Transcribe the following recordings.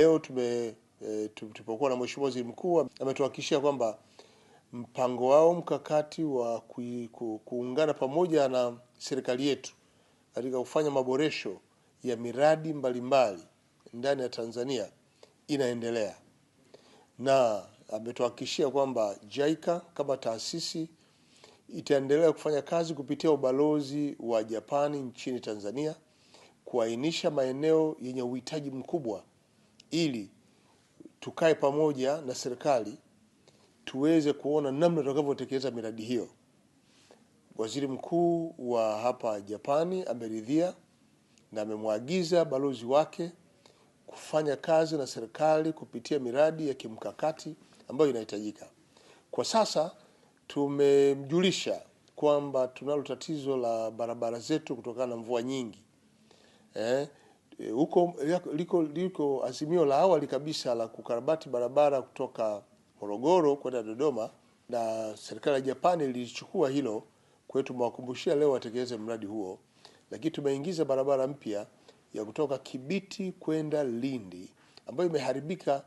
Leo tume e, tulipokuwa na Mheshimiwa Waziri Mkuu ametuhakikishia kwamba mpango wao mkakati wa kui, ku, kuungana pamoja na serikali yetu katika kufanya maboresho ya miradi mbalimbali ndani ya Tanzania inaendelea, na ametuhakikishia kwamba JICA kama taasisi itaendelea kufanya kazi kupitia ubalozi wa Japani nchini Tanzania kuainisha maeneo yenye uhitaji mkubwa ili tukae pamoja na serikali tuweze kuona namna tutakavyotekeleza miradi hiyo. Waziri mkuu wa hapa Japani ameridhia na amemwagiza balozi wake kufanya kazi na serikali kupitia miradi ya kimkakati ambayo inahitajika. Kwa sasa tumemjulisha kwamba tunalo tatizo la barabara zetu kutokana na mvua nyingi eh. Eh, huko e, liko, liko azimio la awali kabisa la kukarabati barabara kutoka Morogoro kwenda Dodoma, na serikali ya Japani lilichukua hilo. kwetu, tumewakumbushia leo watekeleze mradi huo, lakini tumeingiza barabara mpya ya kutoka Kibiti kwenda Lindi ambayo imeharibika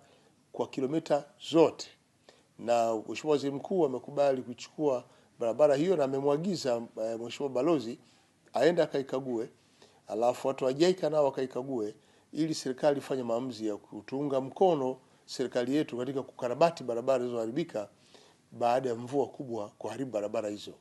kwa kilomita zote, na Mheshimiwa Waziri Mkuu amekubali kuchukua barabara hiyo na amemwagiza eh, Mheshimiwa Balozi aende akaikague alafu watu wa JICA nao wakaikague ili serikali ifanye maamuzi ya kutuunga mkono serikali yetu katika kukarabati barabara zilizoharibika baada ya mvua kubwa kuharibu barabara hizo.